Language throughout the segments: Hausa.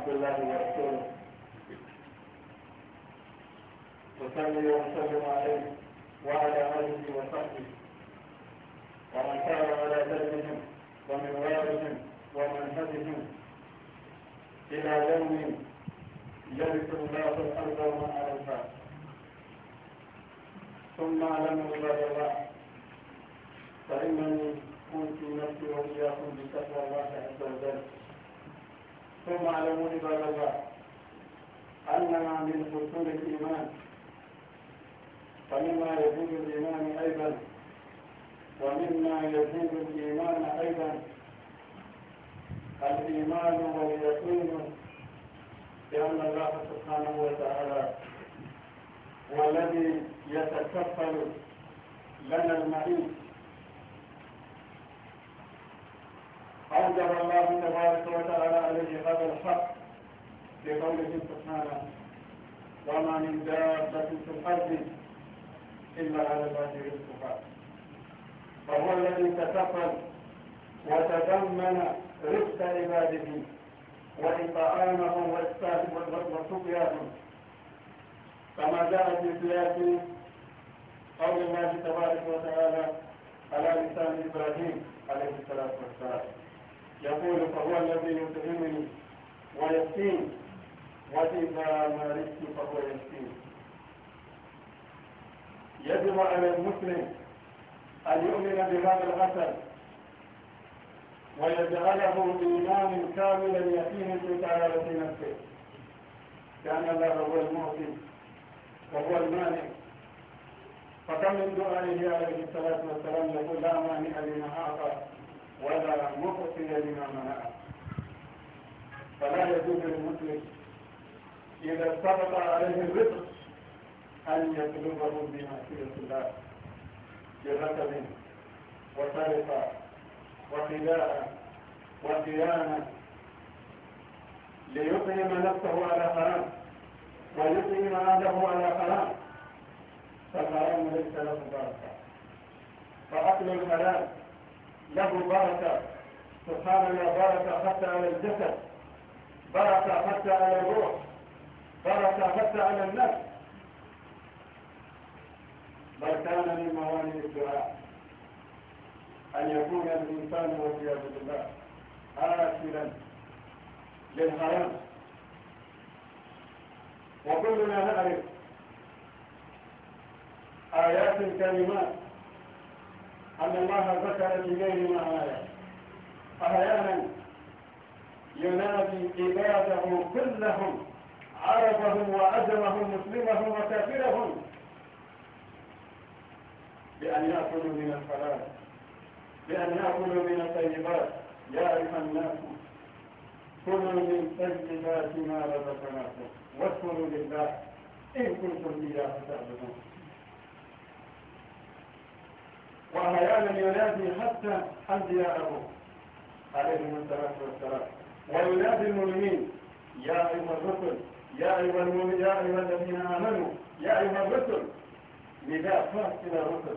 عبد الله ورسوله وصلي وسلم عليه وعلى اله وصحبه ومن سار على دربهم ومن ومنهجهم الى يوم يرث الله الارض ومن عرفها ثم لم عباد الله فانني كنت نفسي واياكم بتقوى الله عز وجل ثم اعلموا عباد الله أننا من حصول الإيمان ومما يزيد الإيمان أيضا ومما يزيد الإيمان أيضا الإيمان واليقين بأن الله سبحانه وتعالى هو الذي يتكفل لنا المعيش أنزل الله تبارك وتعالى عليه هذا الحق بقوله سبحانه وما من دابة في الأرض إلا على الله رزقها فهو الذي تكفل وتضمن رزق عباده وإطعامهم وسقياهم كما جاء في سياق قول الله تبارك وتعالى على لسان إبراهيم عليه الصلاة والسلام يقول فهو الذي يطعمني ويسقيني وإذا مارست فهو يسقيني يجب على المسلم أن يؤمن بهذا الأثر ويجعله إيمانا كاملا يقينا في تعالى نفسه كان الله هو المعطي وهو المانع فكم من دعائه عليه الصلاة والسلام يقول لا مانع لما أعطى ولا مقصد لما منعه فلا يجوز للمسلم إذا سقط عليه الرزق أن يطلبه بمعصية الله بغسل وسرقة وخداع وخيانة ليطعم نفسه على حرام ويطعم أهله على حرام فالحرام ليس له بركة فأكل الحلال له بركة سبحان الله بركة حتى على الجسد بركة حتى على الروح بركة حتى على النفس بل كان من موانئ الدعاء أن يكون الإنسان والعياذ بالله آكلا للحرام وكلنا نعرف آيات كلمات أن الله ذكر في غير ما أحيانا ينادي عباده كلهم عربهم وعجمهم مسلمهم وكافرهم بأن يأكلوا من الحلال بأن يأكلوا من الطيبات يا أيها الناس كلوا من طيبات ما رزقناكم واشكروا لله إن كنتم إياه تعبدون وهيانا ينادي حتى أنبياءه عليهم الصلاة والسلام وينادي المؤمنين يا أيها الرسل يا أيها المؤمنين يا أيها الذين آمنوا يا أيها الرسل نداء خاص إلى الرسل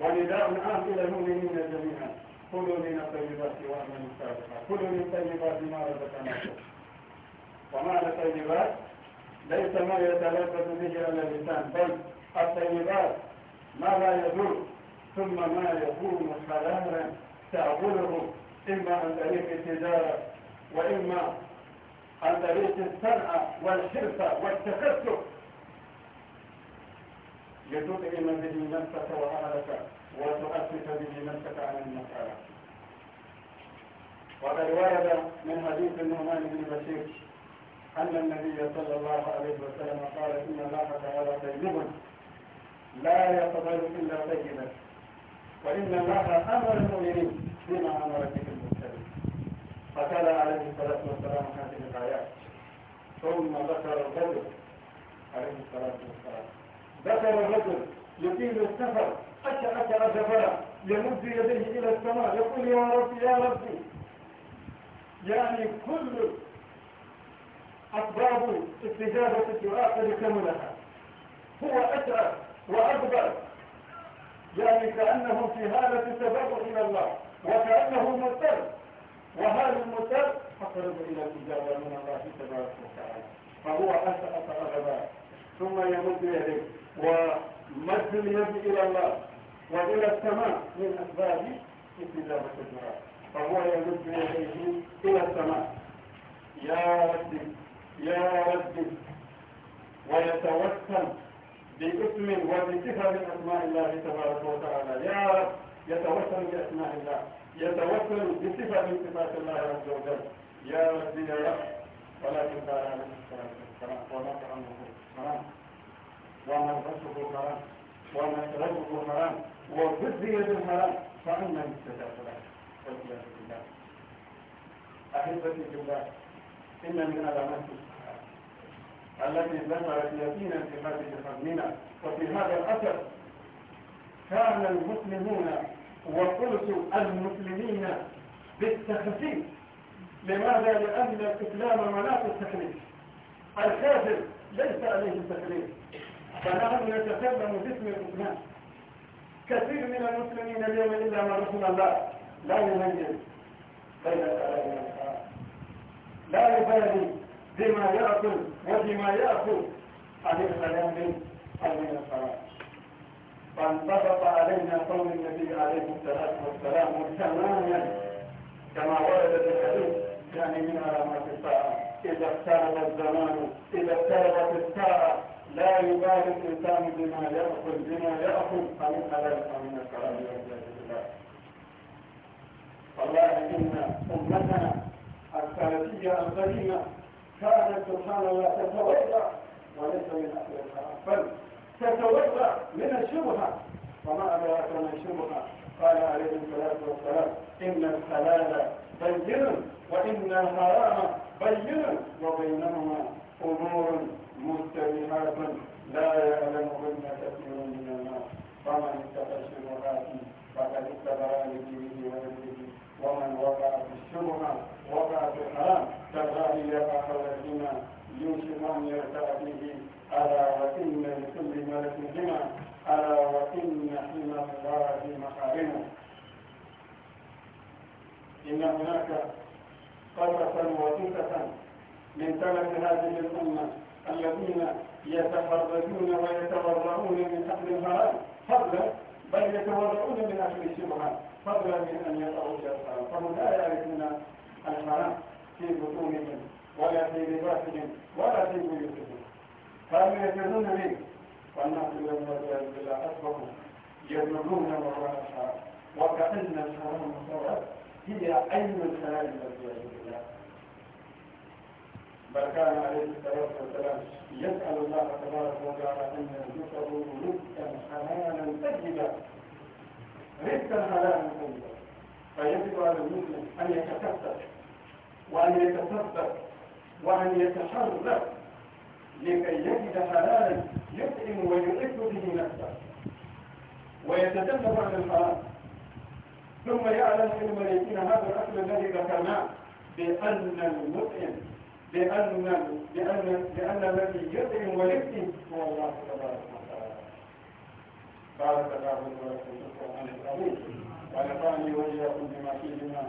ونداء عام إلى المؤمنين جميعا كلوا من الطيبات وأعملوا الصالحات كلوا من الطيبات ما رزقناكم ومعنى الطيبات ليس ما يتلفظ به على اللسان بل الطيبات ما لا يدور ثم ما يكون حلالا تعبده إما عن طريق التجارة وإما عن طريق الصنعة والحرفة والتكسب لتطعم به نفسك وأهلك وتؤسس به نفسك عن المسألة وقد ورد من حديث النعمان بن بشير أن النبي صلى الله عليه وسلم قال إن الله تعالى طيب لا يقبل إلا طيبا وإن الله أمر المؤمنين بما أمر به المرسلين فقال عليه الصلاة والسلام هذه الآيات ثم ذكر الرجل عليه الصلاة والسلام ذكر الرجل يطيل السفر أشعث سفرا يمد يديه إلى السماء يقول يا ربي يا ربي يعني كل أسباب استجابة الدعاء لكملها هو أشعث وأكبر يعني كأنهم في هالة تبرع إلى الله وكأنه مضطر وهذا المضطر أقرب إلى الإجابة من الله تبارك وتعالى فهو أسأل رغبات ثم يمد يديه ومد اليد إلى الله وإلى السماء من أسباب استجابة الدعاء فهو يمد يديه إلى السماء يا ربي يا ربي ويتوكل باسم وبصفة من أسماء الله تبارك وتعالى يا رب يتوسل بأسماء الله يتوسل بصفة من صفات الله عز وجل يا ربي يا رب ولكن قال عليه الصلاة والسلام وما طعمه حرام وما رزقه حرام وما شربه حرام وغذي بالحرام فأنا مستجاب لك والعياذ بالله أحبتي بالله إن من علامات التي ذكرت يقينا في هذه قدمنا وفي هذا الأثر كان المسلمون وقلت المسلمين بالتخفيف لماذا؟ لأن الإسلام مناط التكليف الكافر ليس عليه التكليف فنحن نتكلم باسم الإسلام كثير من المسلمين اليوم إلا من رسول الله لا يميز بين الآلام لا يبالي بما يأكل وبما يأكل عليه السلام من الصلاة فانطبق علينا قول النبي عليه الصلاة والسلام تماما كما ورد في الحديث يعني من علامات الساعة إذا اقترب الزمان إذا اقتربت الساعة لا يبالي الإنسان بما يأكل بما يأكل فمن ذلك من الكلام والله إن أمتنا السلفية القديمة كانت سبحانه لا تتوضا وليس من اكل الحرام بل تتوضا من الشبهه وما ادراك من الشبهه قال عليه الصلاه والسلام ان الحلال بين وان الحرام بين وبينهما امور مشتبهات لا يعلمهن كثير من الناس فمن اتقى الشبهات فقد اتبع لدينه ولديه ومن وقع في الشبهة وقع في الحرام كالغالي يقع الذين يوشك أن يرتع به ألا وإن لكل ملك هما ألا وإن حمى الله محارمه إن هناك قطفا وطفة من تلف هذه الأمة الذين يتفرجون ويتبرؤون من أهل الحرام فضلا بل يتبرؤون من أهل الشبهات قبل من أن يقعوا إلى الحرام فهم لا يعرفون الحرام في بطونهم ولا في لباسهم ولا في بيوتهم فهم يفرون منه والناس لما والعياذ بالله أصبحوا يبلغون وراء الحرام وكأن الحرام سواء هي عين الحلال والعياذ بالله بل كان عليه الصلاة والسلام يسأل الله تبارك وتعالى أن يرزقه رزقا حلالا طيبا ليس الحلال من فيجب على المسلم أن يتكتب وأن يتصدق وأن يتحرك لكي يجد حلالا يطعم ويعد به نفسه ويتجنب عن الحرام ثم يعلم علم اليقين هذا الاكل الذي ذكرناه بان المطعم بان بان بان الذي يطعم ويفتي هو الله تبارك وتعالى بارك الله لي ولكم عن القرآن ونفعني وإياكم بما فيهما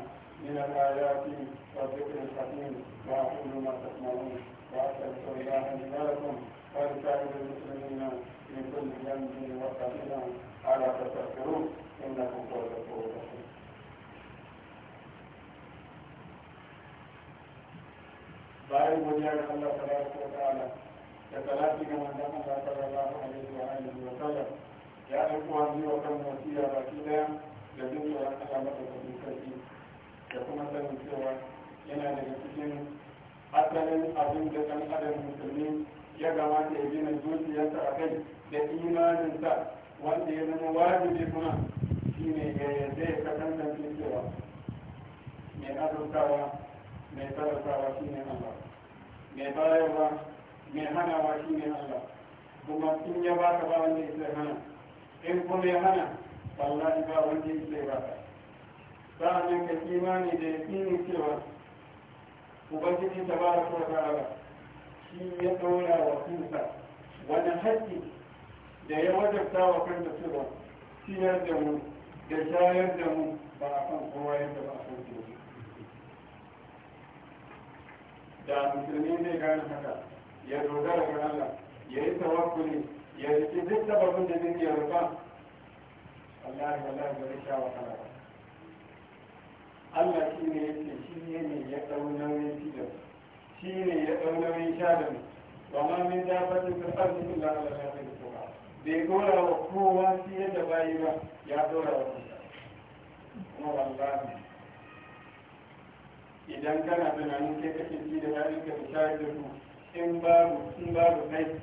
من الآيات والذكر الحكيم وأقول ما تسمعون وأسألك الله لي ولكم ولسائر المسلمين من كل ذنب وخطيئة ألا تستغفرون انكم قد الغفور الرحيم bayan godiya ga Allah tabaraka wa ta'ala da salati ga manzon haka an kuma kan wasiya daya da jin tsoron Allah kudin sarki da kuma sanin cewa yana daga cikin asalin abin da ɗan adam musulmi ya gamata ya gina zuciyarsa a kai da imaninsa wanda ya zama wajibi kuma shine ya yarda ya kasance cewa mai azurtawa mai sarrafawa shine Allah mai bayarwa mai hanawa shine Allah kuma in ya baka ba wanda ya hana in kuma ya hana wallahi ba wanda yake ba ka sa'annan ka imani da yakini cewa ubangiji ko ta ba. shi ya ɗora wa kusa wani haƙƙi da ya wajabta wa kanta cewa ciyar da mu da shayar da mu ba a kan kowa yadda ba a kan kowa da musulmi zai gane haka ya dogara ga Allah ya yi tawakkuli ya rike duk sababin da zai iya rufa wallahi wallahi ba zai sha wahala ba Allah shi ne ya ce shi ne ya ɗau nauyin tilas shi ne ya ɗau nauyin sha da mu ba ma min dafatin ta tsarki illa Allah ya fi da bai ɗora wa kowa shi yadda bayi ba ya ɗora wa kansa kuma wallahi idan kana tunanin ke kake ci da ya ka da shayar da su in babu in babu kai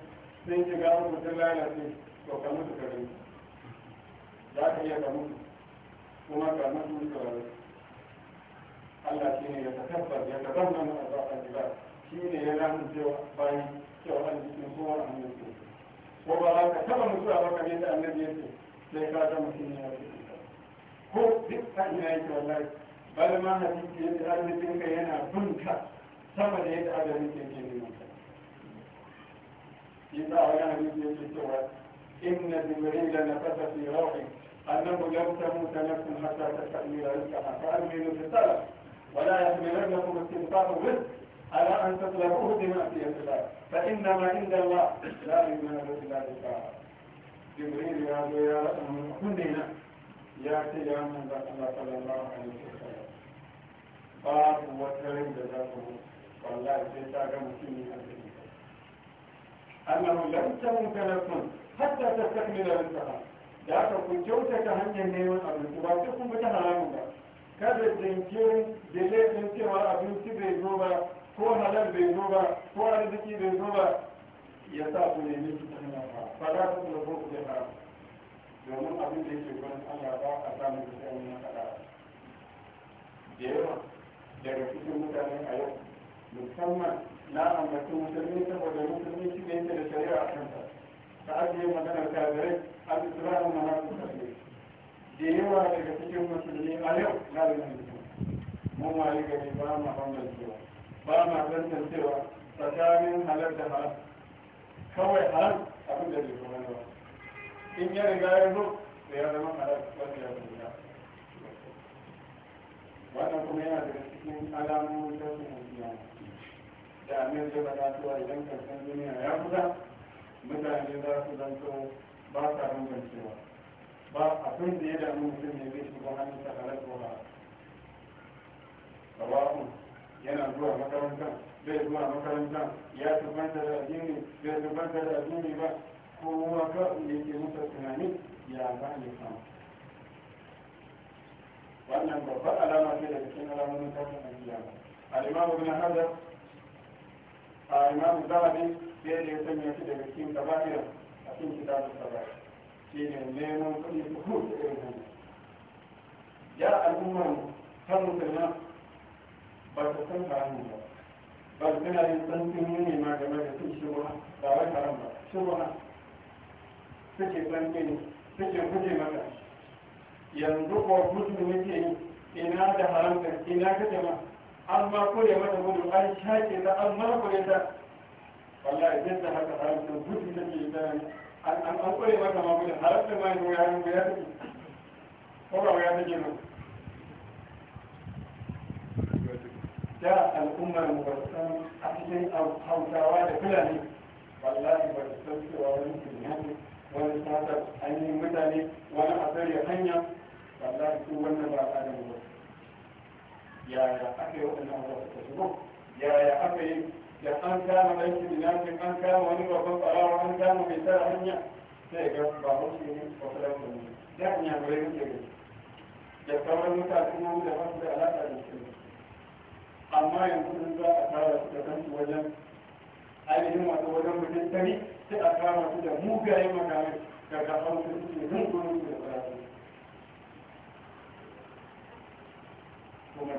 sun ki ga mutu ta lalace to ka mutu ka gani za ka iya ka mutu kuma ka mutu ka rayu Allah shi ne ya tabbar ya tabbatar mana azaba jira shi ne ya ramu cewa bayi cewa an jikin kowa an mutu ko ba za ka taba mutu ba baka yadda an ya ce sai ka zama shi ne ya mutu ko duk ta ina yake wallahi bal ma hadisi yadda arzikin ka yana bunka sama da yadda adamin ke ke إذا يعني به السوى إن جبريل نفث في روحي أنه لم تموت نفس حتى تستحمل رزقها فأمنوا بالسلف ولا يحملنكم استنفاق الرزق على أن تطلبوه بما بمعصية الله فإنما عند الله لا إيمان إلا بالله جبريل يا يا مؤمنين يا يا من الله صلى الله عليه وسلم باب وترين جزاكم والله جزاك مسلمين أنه لن تموت لكم حتى تستكمل رزقها da aka ku kyautata hanyar neman abinci ba sai kun fita haramun ba kada jinkirin da laifin cewa abinci bai zo ba ko halal bai zo ba ko arziki bai zo ba ya sa ku nemi su ta hanyar ba ba za ku kula ku da haramu. domin abin da yake gurin Allah ba a samun da sai na kada da yawa daga cikin mutane a yau musamman na ambaci musulmi saboda musulmi shi ne yake da shari'a a kanta ta ajiye maganar kafirai al-islamu manaqib kafirai da yawa daga cikin musulmi a yau na da musulmi mun wani gari ba ma bambancewa ba ma tantancewa tsakanin halar da haram kawai haram abin da ke kuma ba in ya riga ya zo da ya zama halar wanda ya zuwa wannan kuma yana daga cikin alamomin tashin musulmi da amir da ba zuwa idan karshen duniya ya kusa mutane za su zanto ba sa rangancewa ba abin da ya damu mutum ne zai shiga hannun sa halar tsoha sabahun yana zuwa makarantar bai zuwa makarantar ya tubanta da addini bai tubanta da addini ba kowa ka ne ke musa tunani ya ba ne samu wannan babbar alama ce daga cikin alamomin tashin alkiyama al-imamu bin hadar a imamu zahabi da ya sanya shi daga cikin kaba'ira a cikin kitabun kaba'ira shi ne neman kuɗi su da irin hannu ya al'ummar ta musulma ba ta san haramun ba ba su tana yin tsantsin ne ma game da cin shubha ba wai haram ba shubha suke tsantsin suke guje mata yanzu ko musulmi ke ina da haramta ina ka jama'a an ma kore mata gudu an shaƙe ta an markure ta wallahi zai ta haka harafin gudu ta ke ta an an kore mata ma gudu harafin ma yi ya yi ya take ko ba ya take ba da al'ummar mu ba san a cikin hausawa da fulani wallahi ba su san cewa wani tunani wani sata an yi mutane wani asali hanya wallahi su wannan ba a da mu ba yaya aka yi waɗannan abubuwa shigo yaya aka yi da an kama ɗan kidnapping an kama wani babban ɓarawa an kama mai tara hanya sai ga ba musulmi ba kula da mu da an yamurai muke gani da sauran mutane mu da ba da alaƙa da musulmi amma yanzu sun za a tara su da kansu wajen ainihin wato wajen mutum tani sai a kama su da mugayen makamai daga hausa suke zungurin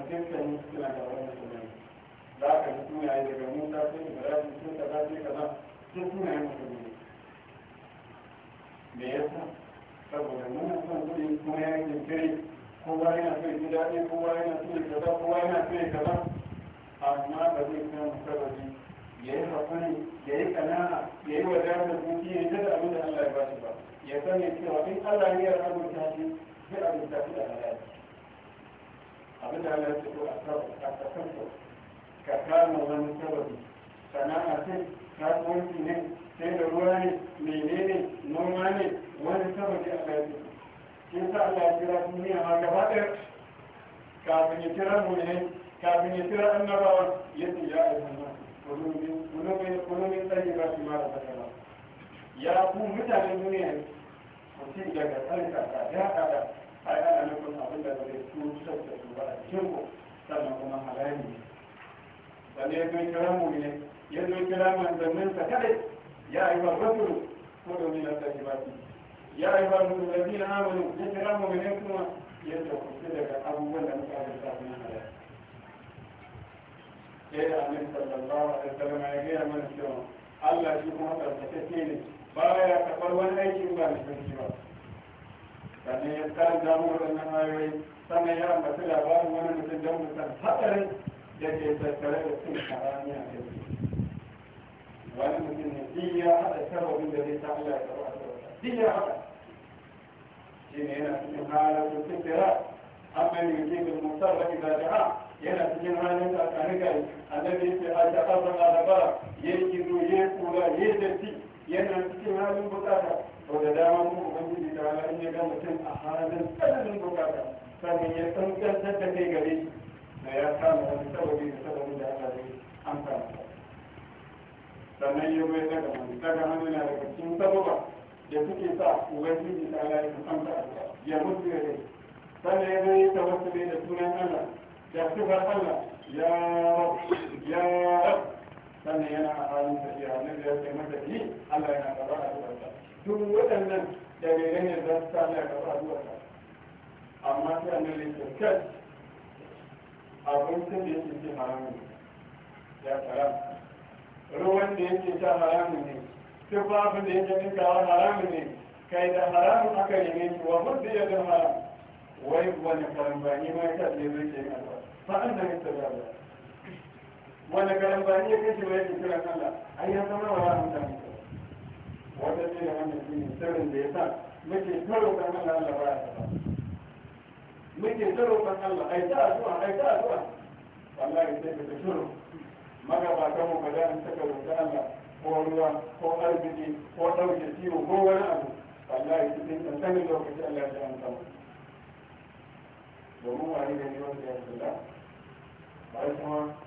dukkanin suna da wani sunaye za ka ji sunaye daga musa sun ibrahim sun kaza sun kaza sun sunaye musulmi me yasa saboda muna son kuɗi kuma ya yi kiri kowa yana so ya ji daɗi kowa yana so ya kaza kowa yana so ya kaza amma ba zai samu sababi ya yi hakuri ya yi kana'a ya yi wadatar zuci ya yi da abin da Allah ya ba shi ba ya sani cewa in Allah ya rabu ta shi sai abin ta fi da halali abin da Allah ya ce a kasanta ka kama wani sababi sana'a ce kasuwanci ne sai da ruwa ne menene noma ne wani sababi Allah ya yi shi sa Allah ya kira duniya ma gaba ɗaya kafin ya kira mu ne kafin ya kira annabawa ya ce ya ayyuhan nas kulumin kulumin tsayi ba shi mara zakara ya ku mutanen duniya ku ci daga tsarka ka daɗa ai ana nufin abin da zai cutar da su ba a cikin ku sannan kuma halali ne sannan ya kira mu ne ya zo kira manzannin sa kadai ya yi wa rasulu ko domin na sani ba ya yi ba rasulu da zina amanu ya kira mu ne kuma yadda ku fi daga abubuwan da muka yi sa sun halali sai da amin sallallahu alaihi wasallam ya gaya mana cewa Allah shi kuma tsarkakakke ne ba ya karɓar wani aikin ba mai sarki ba sannan ya karanta mu waɗannan ayoyi sannan ya ambaci labarin wani mutum don mutum hatsarin da ke tattare da cin karami a kai wani mutum ne duk ya haɗa sababin da zai sa Allah ya karɓa duk ya haɗa shi ne yana cikin halin cikin tsira amma ne yake da musar da ida jaha yana cikin halin tsakanin gari annabi ya ce a shaƙa da bara ya yi gizo ya yi kula ya yi yana cikin halin bukata sau da dama mu ubangiji ta ala in ya ga mutum a halin tsananin bukata sannan ya san tsantsar da kai gare shi na ya samu wani sababi da sababin da aka zai amfana sannan ya bai daga hannu daga hannu na daga cikin sababa da suke sa ubangiji ta ala ya kusanta ya mutu ya rai sannan ya zai tawassuli da sunan allah da sifar allah ya ya sannan yana a halin tafiya wannan da ya mata matafi Allah yana gaba a duwarsa duk waɗannan dalilai ne za su sa Allah gaba a duwarsa amma sai an ya ce abun sun da yake ce haramun ya haram ruwan da yake ta haramun ne tufafin da yake dinkawa haramun ne kai da haramun aka yi shi wa mutu ya zama haram wai wani karambani ma ya ta ne zai ke yi ba sa'an da ya tsaya ba wanda ba ya kashe mai kira Allah ai ya zama wa mutane wata ce da wannan shi ne sirrin da ya sa muke taro kan Allah Allah ba ya saba muke taro kan Allah ai ta addu'a ai ta addu'a wallahi sai ka taro magabatan mu ba da an saka roƙi Allah ko ruwa ko arziki ko ɗauke ciwo ko wani abu wallahi cikin kankanin lokaci Allah ya an sama domin wani ne wanda ya tsalla ba kuma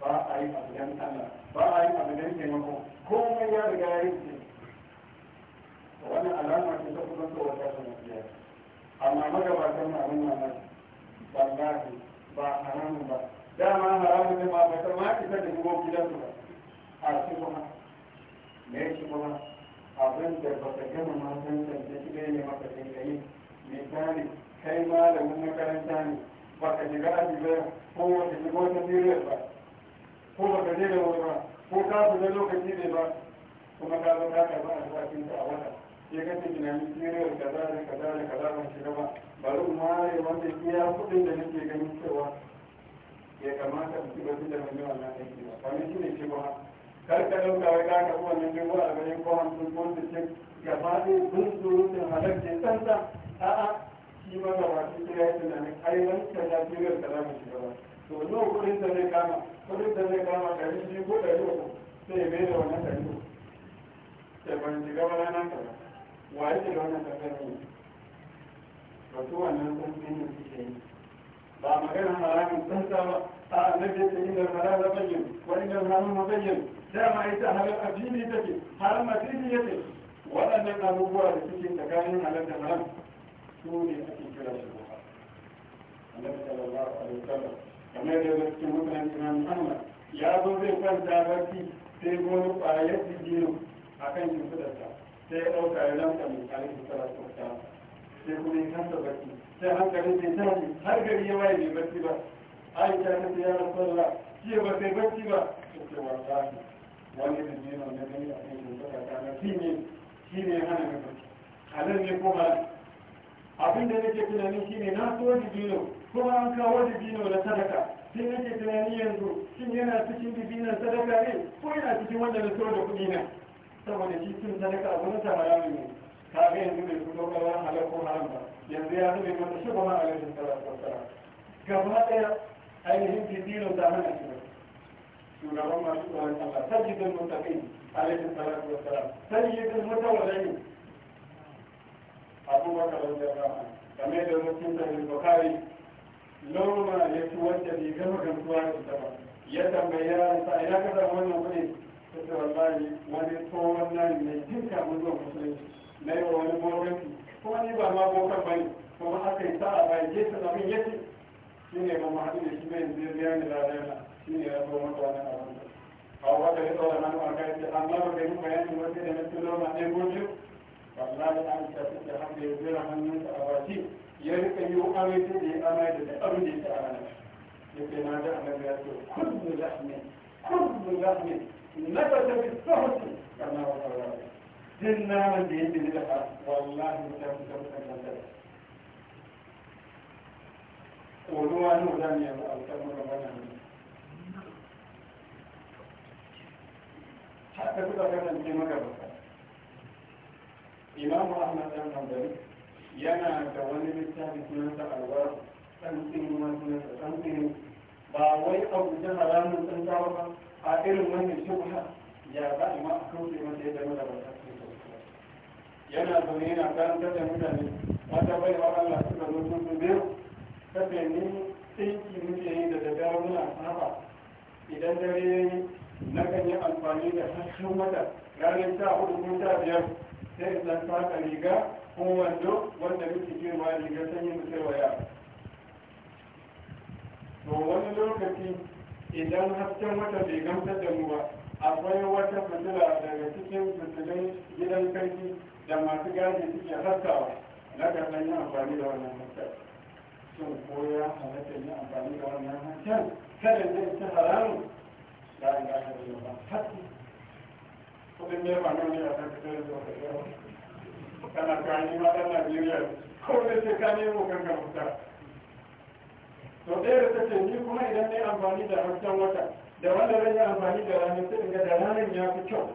ba a yi abu dan Allah ba a yi abu dan taimako komai ya riga ya yi Wani alama ce ta kusan tsohon tashin mafiya amma magabatan na abin mamaki wallahi ba haramun ba dama haramun ne ma bai ma isa da dubo su ba a ci kuma me ya ci kuma abin da ba ka gama ma san san shi ne maka sai ka yi misali kai malamin makaranta ne ba shiga aji ba ko wata shiga wata serious ba ko ba ka je da wani ba ko ka fita lokaci ne ba kuma ka zo ka karɓa a zafin ka a wata ya kace tunani siriyar kaza da kaza da kaza ban shiga ba bari in ware wanda ya kuɗin da nake ganin cewa ya kamata mu su ba da mai wannan aiki ba kamar shi ne cewa kar ka ɗauka wai ka karɓi wannan dubu a garin ko hamsin ko sittin gaba ɗaya sun surutun halarci tsantsan a'a shi ma gaba ɗaya ya tunanin ai wancan lafiyar kaza ban shiga gaba. to nawa kudin da zai kama kudin da zai kama ɗari biyu ko ɗari uku sai ya da wannan ɗari uku sai ban shiga ba ranar ba wa yake da wannan ka kai ne ba su wannan tsantsini suke yi ba magana haramun tsantsa ba a annabi ta yi halal da bayyin wa inda haram da bayyin dama ita halal addini take haram addini yake waɗannan abubuwa da suke tsakanin halal da haram su ne ake kira shi ba annabi sallallahu alaihi wasallam kamar da wasu mutanen imam muhammad ya zo zai kwanta barci sai wani ƙwayar bidiyo a kan shimfidarsa sai ya ɗauka ya lamta mai alaihi salatu wasalam sai kuma ya kasa barci sai hankalin sai tashi har gari ya waye bai barci ba aisha ta ce ya rasulallah jiya ba sai barci ba ta ce wallahi wani bidiyo na gani a kan shimfidarsa na shi ne shi ne hana mai barci halin ne ko halin abin da nake tunani shine na so dibino kuma an kawo dino na sadaka sai nake tunani yanzu shin yana cikin dibinan sadaka ne ko yana cikin wanda na so da kuɗi na saboda shi cin sadaka abu na samara ne ka ga yanzu bai fito kawai halar ko haram ba yanzu ya zube mata shi ba ma alaihi salatu wassalam gaba ɗaya ainihin dibinan ta hana shi shugaban masu tsoron Allah tsara mutaƙin alaihi salatu wassalam sajidin mutawalli abubakar rajaba game da mutum da bukari lauma ya ci wanda bai gama gamsuwa da ta ba ya tambayi yaransa ina ka samu wannan kuɗi ta ce wallahi wani tsohon nan ne jin kamun zuwa musulunci na yi wa wani morganci kuma ni ba ma bokan ba ne kuma aka yi sa'a bai je ta abin yake shi ne ba haɗu da shi bai zai biya ni ladana shi ne ya zo mata wani abin a wata ya da hannu a kai ce amma ba ka yi bayanin wasu da na tsoron ma ɗaya ko biyu da an shafi da hannu ya zira hannunsa a baki ya rika yi wa amai da ya amai da abin da ya ta amana ya ce na da annabi ya ce kullu lahmi kullu lahmi nabata bi sahti kana wa sallallahu din naman da yake da ka wallahi mutum da mutum da koduwa ne za mu yanzu alƙalmar da wannan ne haka suka kasance maka baka imamu ahmad dan hanbali yana da wani littafi sunansa alwar samsin kuma sunansa samsin ba wai abu ta haramun san ba a irin wani shubha ya ba a ma a kauce masa yadda mana ba ta ce yana zaune yana karantar da mutane wata bai wa Allah suka zo sun su biyu kafe ni tsinki muke yi da daddare muna saba idan dare ya yi na kan yi amfani da hasken wata ranar sha hudu ko sha biyar sai dan saka riga ko wando wanda muke cewa riga sanyi mu sai waya to wani lokaci idan hasken wata bai gamsar da mu ba akwai wata fitila daga cikin fitilin gidan kanki da masu gadi suke haskawa na karɓar yin amfani da wannan hasken shin ko ya halatta yin amfani da wannan hasken kada zai ci haramun da an gasa da ba haske kudin ma nan ne a kan fitar da wata yawa kana kani ma ɗan najeriya ko da ce ka nemo kanka fita to ɗaya da ta ce ni kuma idan ne amfani da hasken wata da wanda zan yi amfani da ranar sai ga da ranar ya fi kyau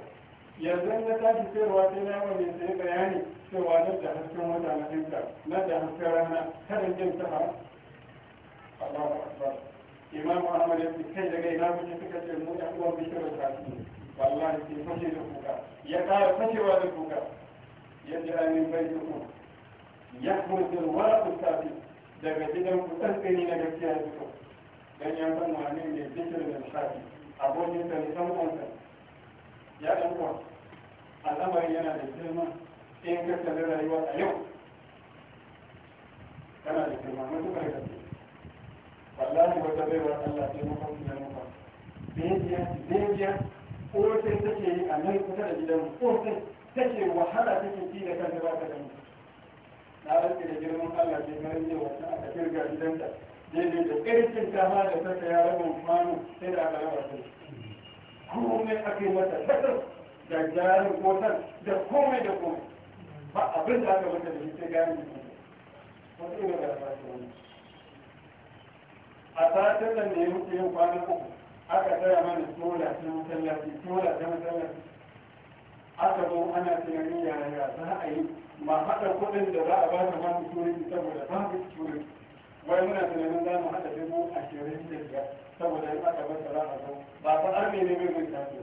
yanzu na tashi sayarwa sai na yawan mai sai bayani cewa nan da hasken wata na ɗinka nan da hasken rana kada jin sama Allahu Akbar Imam Muhammad ya ce kai daga ina kuke suka ce mu ɗan uwan bishiyar da wallahi sai fashe da kuka ya kara fashewa da kuka ya ji amin bai da ku ya kuma wala ku daga gidan ku tsantsani na gaskiya da ku dan ya san wani ne zikir da shafi abokin sa ne san kansa ya dan kuwa al'amarin yana da girma in ka kalli rayuwa a yau Kana da girma matuƙar gaske wallahi wata baiwar Allah sai muka kuma muka bibiya bibiya ofin ta yi a nan kusa da gidan ta take wahala ta take ci da kanta ba ka gani na rantsi da girman Allah ke na ne wata aka kirga gidanta daidai da ƙarfin ta ma da saka ya rabin kwano sai da aka raba su komai a yi mata sakar da jarin kotar da komai da komai ba abin da aka mata da shi sai gani ne wata ina da ba ta wani a satin da ne ya mutu yin kwanan uku aka tsaya mana sola ta masallaci sola ta masallaci aka zo ana tunanin yaya za a yi ma haɗa kuɗin da za a ba ta masu turin saboda ba su turin wai muna tunanin za mu haɗa dubu ashirin da biyar saboda yin aka bar za a zo ba fa arme ne mai mai tafi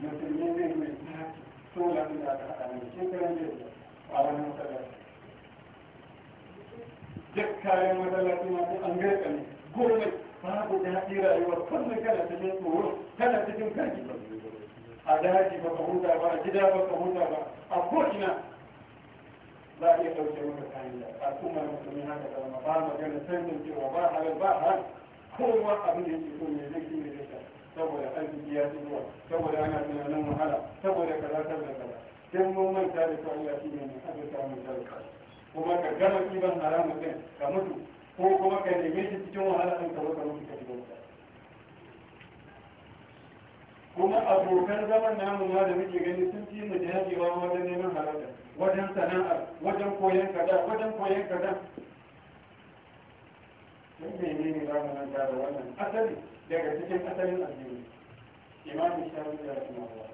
musulmi ne mai tafi tsola ɗin da aka haɗa mai shekaran jiya a wani masallaci duk kayan masallaci masu an gaisa ne gomai babu daɗi rayuwa kullum kana cikin tsoro kana cikin kaji ba a daji ba ka huta ba a gida ba ka huta ba a ko'ina za a iya ɗauke maka kayan da al'ummar musulmi haka zama ba magana sanin cewa ba halal ba halal kowa abin da yake so ne zai ne ta saboda arziki ya fi zuwa saboda ana tunanin wahala saboda kaza da kaza sai mun manta da cewa Allah shi ne mai azurta mu talaka kuma ka gama kiban haramun din ka mutu ko kuma ka neme shi cikin wahala ɗin ka baka mutu ka shiga wuta kuma abokan zaman namu ma da muke gani sun fi mu dajewa wajen neman halaka wajen sana'a wajen koyon kada wajen koyon kada don mene ne za mu manta da wannan asali daga cikin asalin addini imamu shafi da rahimahullah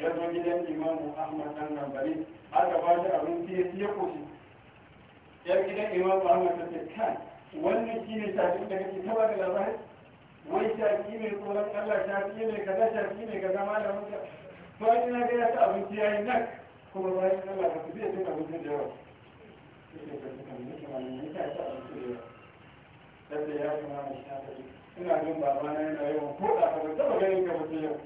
ya zo gidan imamu ahmad dan nambari aka ba shi abin ya siya ko yar gidan imam ahmad ta ce kan wannan shi ne shafin da kake taba da labari wai shafi ko tsoron allah shafi mai kaza shafi mai kaza ne ka bayan ina ga ta abinci ya yi nan kuma bayan allah ba su zai cin abinci da yawa yadda ya fi mana shafi ina jin babana yana yawan ko da ba taba ganin ka mutu yau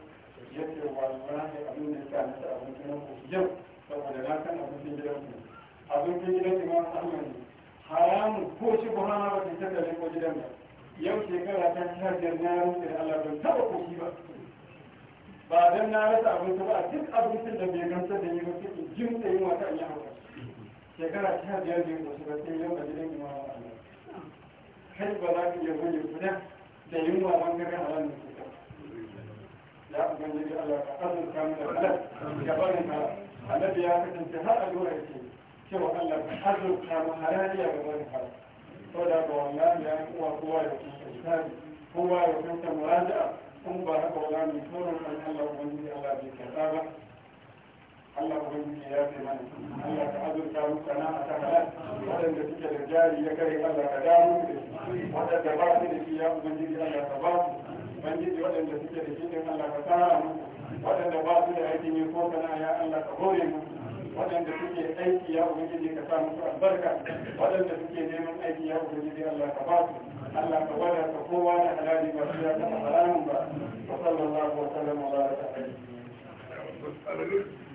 ya ce wallahi abin da ya sa na ta abinci na ku yau saboda na san abincin gidan ku Abin abincin gidan imam ahmad haramun ko shi buhana ba ta da ko gidan ba yau shekara ta ci shajar na rufe da allah ban taɓa koshi ba ba dan na rasa abinci ba a duk abincin da bai gamsar da ni ba sai in jin da yunwa ta in yi hauka shekara ta biyar bai koshi ba sai yau a gidan imam ahmad kai ba za ka iya gode guda da yunwa ban kaga da ne ya ubangiji Allah ka azurta mu da halal da barin halal annabi ya kasance har a lura yake sai wa Allah azurta mu halaliya ga wani haram ko da ga wallahi ya uwa kowa ya kusa misali kowa ya kusa muraja'a kun ba haka wala mai tsoron kan Allah ubangiji Allah bai karɓa ba Allah ubangiji ya fi mana Allah ka azurta mu sana'a ta halal waɗanda suke da jari ya kare Allah ka dawo da shi waɗanda ba su da shi ya ubangiji Allah ka ba su ubangiji waɗanda suke da shi din Allah ka tsara mu waɗanda ba su da aikin yi ko sana'a ya Allah ka hore mu waɗanda suke aiki ya ubangiji ka sa musu albarka waɗanda suke neman aiki ya ubangiji Allah ka ba su Allah ka bada ka kowa da halali ba su ya taɓa haramun ba wa sallallahu wa sallam wa baraka alaihi